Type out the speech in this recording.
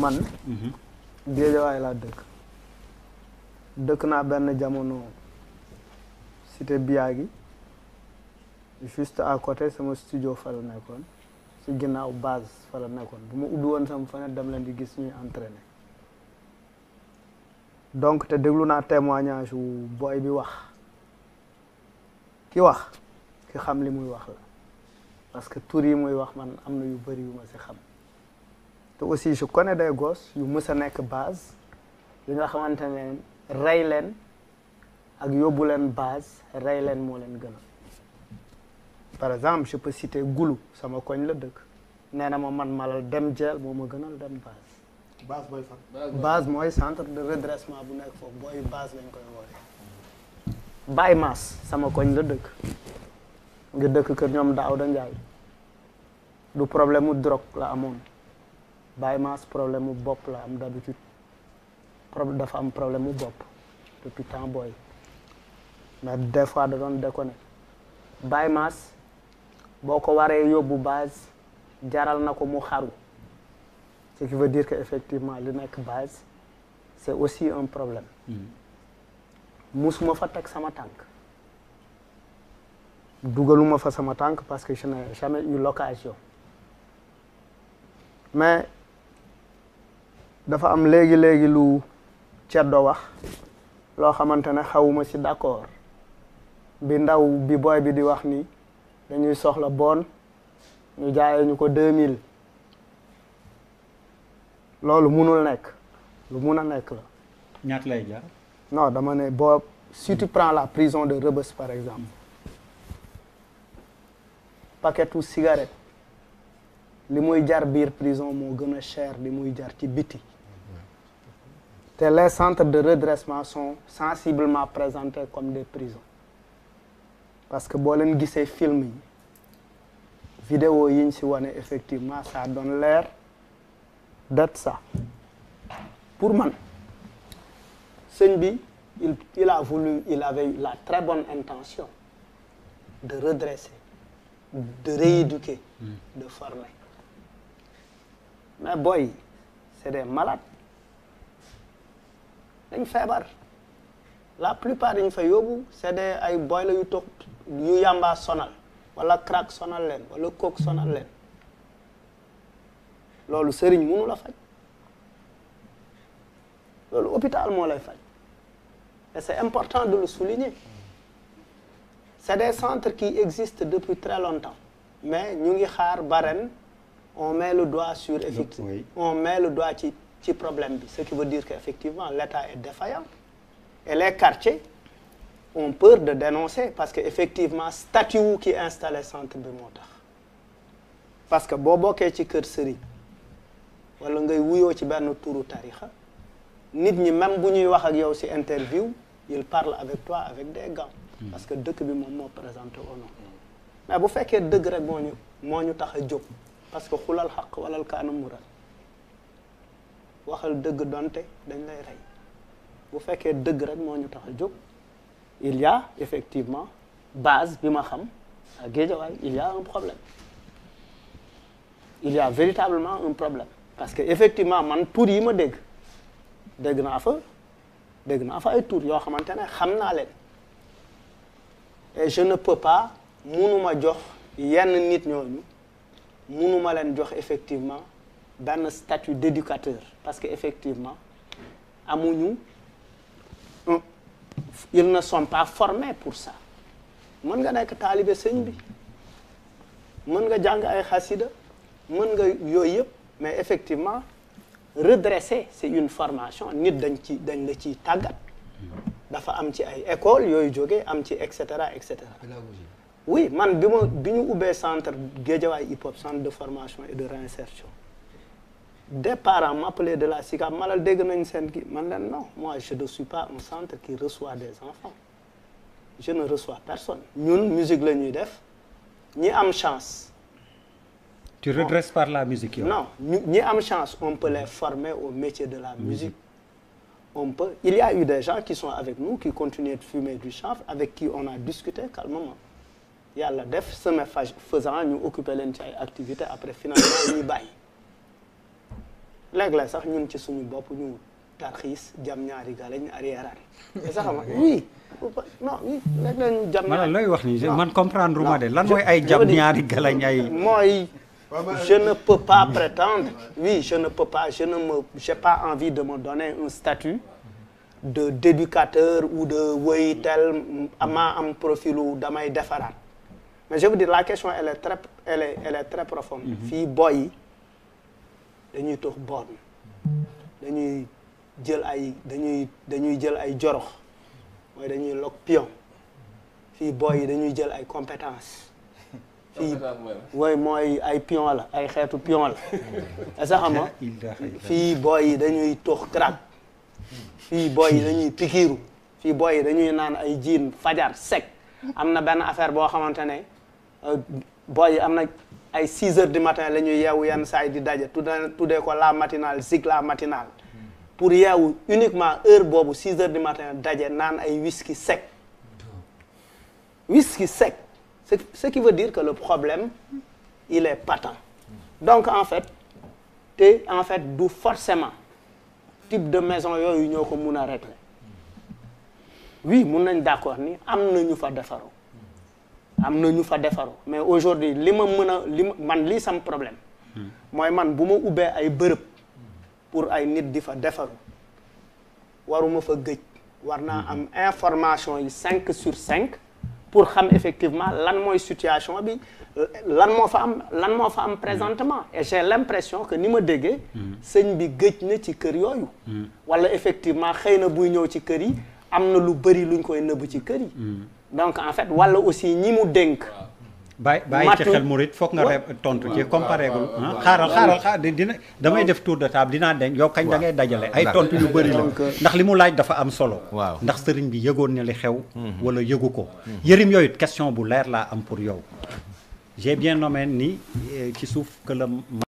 man mhm. géejawaay laa dëkk dëkk naa benn jamono cité biyaa gi juste à côté sama studio fa la nekkoon si ginnaaw base fa la nekkoon bu ma ubbi woon sama fenêtre dam leen di gis ñuy entraîner donc te déglu naa témoignage wu booy bi wax ki wax ki xam li muy wax la parce que tour yi muy wax man am na yu bëri yu si xam te aussi je connais des gos yu mës a nekk base yi nga xamante ne rey leen ak yóbbu leen base rey leen moo leen gën par exemple je peux citer sama koñ la dëkk nee na ma man malal dem jeel moo ma gënal dem base. base mooy fan. base mooy centre de redressement bu nekk foofu booy base lañ koy woowee. baay Mass sama koñ la dëkk nga dëkk kër ñoom Daouda Ndiaye du problème mu drogue la amoon. Baye Mass problème mu bopp la am d'habitude problème dafa am problème mu bopp depuis temps booy mais des fois da doon déconné bay Mass boo ko waree yóbbu baas jaral na ko mu xaru ce qui veut dire que effectivement li nekk base c'est aussi un problème mm-hmm. musuma fa teg sama tànk dugaluma fa sama tànk parce que je n'ai jamais eu l'occasion mais dafa am léegi léegi lu ceddo wax loo xamante ne xawuma ci d'accord bi ndaw bi booy bi di wax nii dañuy soxla bon ñu jaayee ñu ko deux mille loolu munul nekk lu mun a nekk la. ñaata lay jaar. non dama ne boo si tu la prison de Rebeuss par exemple paketu cigarette li muy jar biir prison moo gën a cher li muy jar ci biti. les centres de redressement sont sensiblement présentés comme des prisons parce que boo leen gisee film yi vidéo yi ñu si wane effectivement ça donne l'air d'être ça pour man sëñ bi il il a voulu il avait eu la très bonne intention de redresser de rééduquer mm. de former mais boy c'est des malades dañ feebar la plupart dañ fa yóbbu c'est des ay boy la yu toog yu yàmbaa sonal wala crack sonal leen wala coke sonal leen loolu sëriñ mënu la faj loolu hôpital moo lay faj et c'est important de le souligner c'est des centres qui existent depuis très longtemps mais ñu ngi xaar ba ren on met le doigt sur effectivement on mais le doigt ci problème bi ce qui veut dire qu'effectivement l'État est défaillant et les quartiers on peur de dénoncer parce que effectivement statut wu ki installé centre bi moo tax parce que boo bokkee ci kër sëriñ walla ngay wuyoo ci benn turu tarixa nit ñi même bu ñuy wax ak yow si interview il parle avec toi avec des gants hmm. parce que dëkk bi moom moo présenté au mais bu fekkee dëgg rek moo ñu moo ñu tax a jóg parce que xulal xaq walal kaanam mural waxal dëgg donte dañ lay rey bu fekkee dëgg rek moo ñu tax a jóg il y effectivement base bi ma xam à Guédiawaye il y a problème il y véritablement un problème parce que effectivement man tur yi ma dégg dégg naa fa dégg naa fa ay tur yoo xamante ne xam naa leen et je ne peux pas munuma jox yenn nit ñooñu ma leen jox effectivement benn statut d'éducateur parce que effectivement amuñu ils ne sont pas formés pour ça mën nga nekk taalibe sëñ bi mën nga jàng ay xasida mën nga yooyu yëpp mais effectivement redresser c'est une formation nit dañ ci dañ la ciy tàggat dafa am ci ay école yooyu jógee am ci et cetera et cetera oui man bi ma bi ñu ubbee centre Guédiawaye hip hop centre de formation et de réinsertion des parents m'appelaient de la SICAP malal dégg nañ seen kii man leen non moi je ne suis pas un centre qui reçoit des enfants je ne reçois personne ñun musique la ñuy def ñi am chance. tu redresses par la musique yow. non ñi am chance on peut les au métier de la musique. on peut il y a eu des gens qui sont avec nous ki continuaient de fumer du chanvre avec qui on a discuté calmement yàlla def semaine faisant ñu occuper leen ci ay activités après finalement ñuy bàyyi. léeg-léeg sax ñun ci suñu bopp ñu tarxiis jam ñaari gars lañ arrière ma oui. non léeg-léeg ñu jam. maanaam looy wax man comprendre ma de lan mooy ay jam ñaari galañ ay. mooy je euh, ne peux pas prétendre. oui je ne peux pas je ne me j'ai pas envie de me donner un statut. de d'éducateur ou de woy tel maa am profilu damay defaraat mais je veux dire la question elle est très elle est très profonde. Mhm. fii boy yi. dañuy tox borne dañuy jël ay dañuy dañuy jël ay jorox mooy dañuy log pion fii booy yi dañuy jël ay compétence fii mooy mooy ay pion la ay xeetu pion la a sa fii booy yi dañuy tox crack fii booy yi dañuy pikiiru fii booy yi dañuy naan ay jiin fajar sec am na benn affaire boo xamante ne euh, booy yi am na ay 6 heures du matin la ñuy yeewu yenn saa di daje tuddee tuddee ko la matinale zig la matinal hmm. pour yeewu uniquement heure boobu 6 heures du matin daje naan ay whisky sec whisky sec ce qui veut dire que le problème il est patent hmm. donc en fait te en fait du forcément type de maison yooyu ñoo ko mun a régler hmm. oui mun nañ d'accord ni am nañu ñu fa defaru am na ñu fa defaru mais aujourd'hui li ma mën a li man lii sam problème mooy man bu ma ubbee ay bërëb pour ay nit di fa defaru waruma fa gëj war naa am information yi cinq sur cinq pour xam effectivement lan mooy situation bi lan moo fa am lan moo fa am présentement et j'ai l'impression que ni ma déggee sëñ bi gëj na ci kër yooyu wala effectivement xëy na buy ñëw ci kër yi am na lu bëri luñ koy nëbb ci kër yi donc en fait walla aussi ñi mu dénk. bàyyi bàyyi ci xel murit foog nga re tontu ci comparé gul ah, xaaral xaaral xaaral dina damay def tour de table dinaa denc yow kañ da ngay dajale ay tontu yu bëri la euh, ndax li mu laaj dafa am solo waaw ndax sëriñ bi yëgoon na li xew mhm. wala yëgu ko mhm. yërim yooyu question bu leer laa am pour yow j'ai bien nommé ni euh, ci suuf que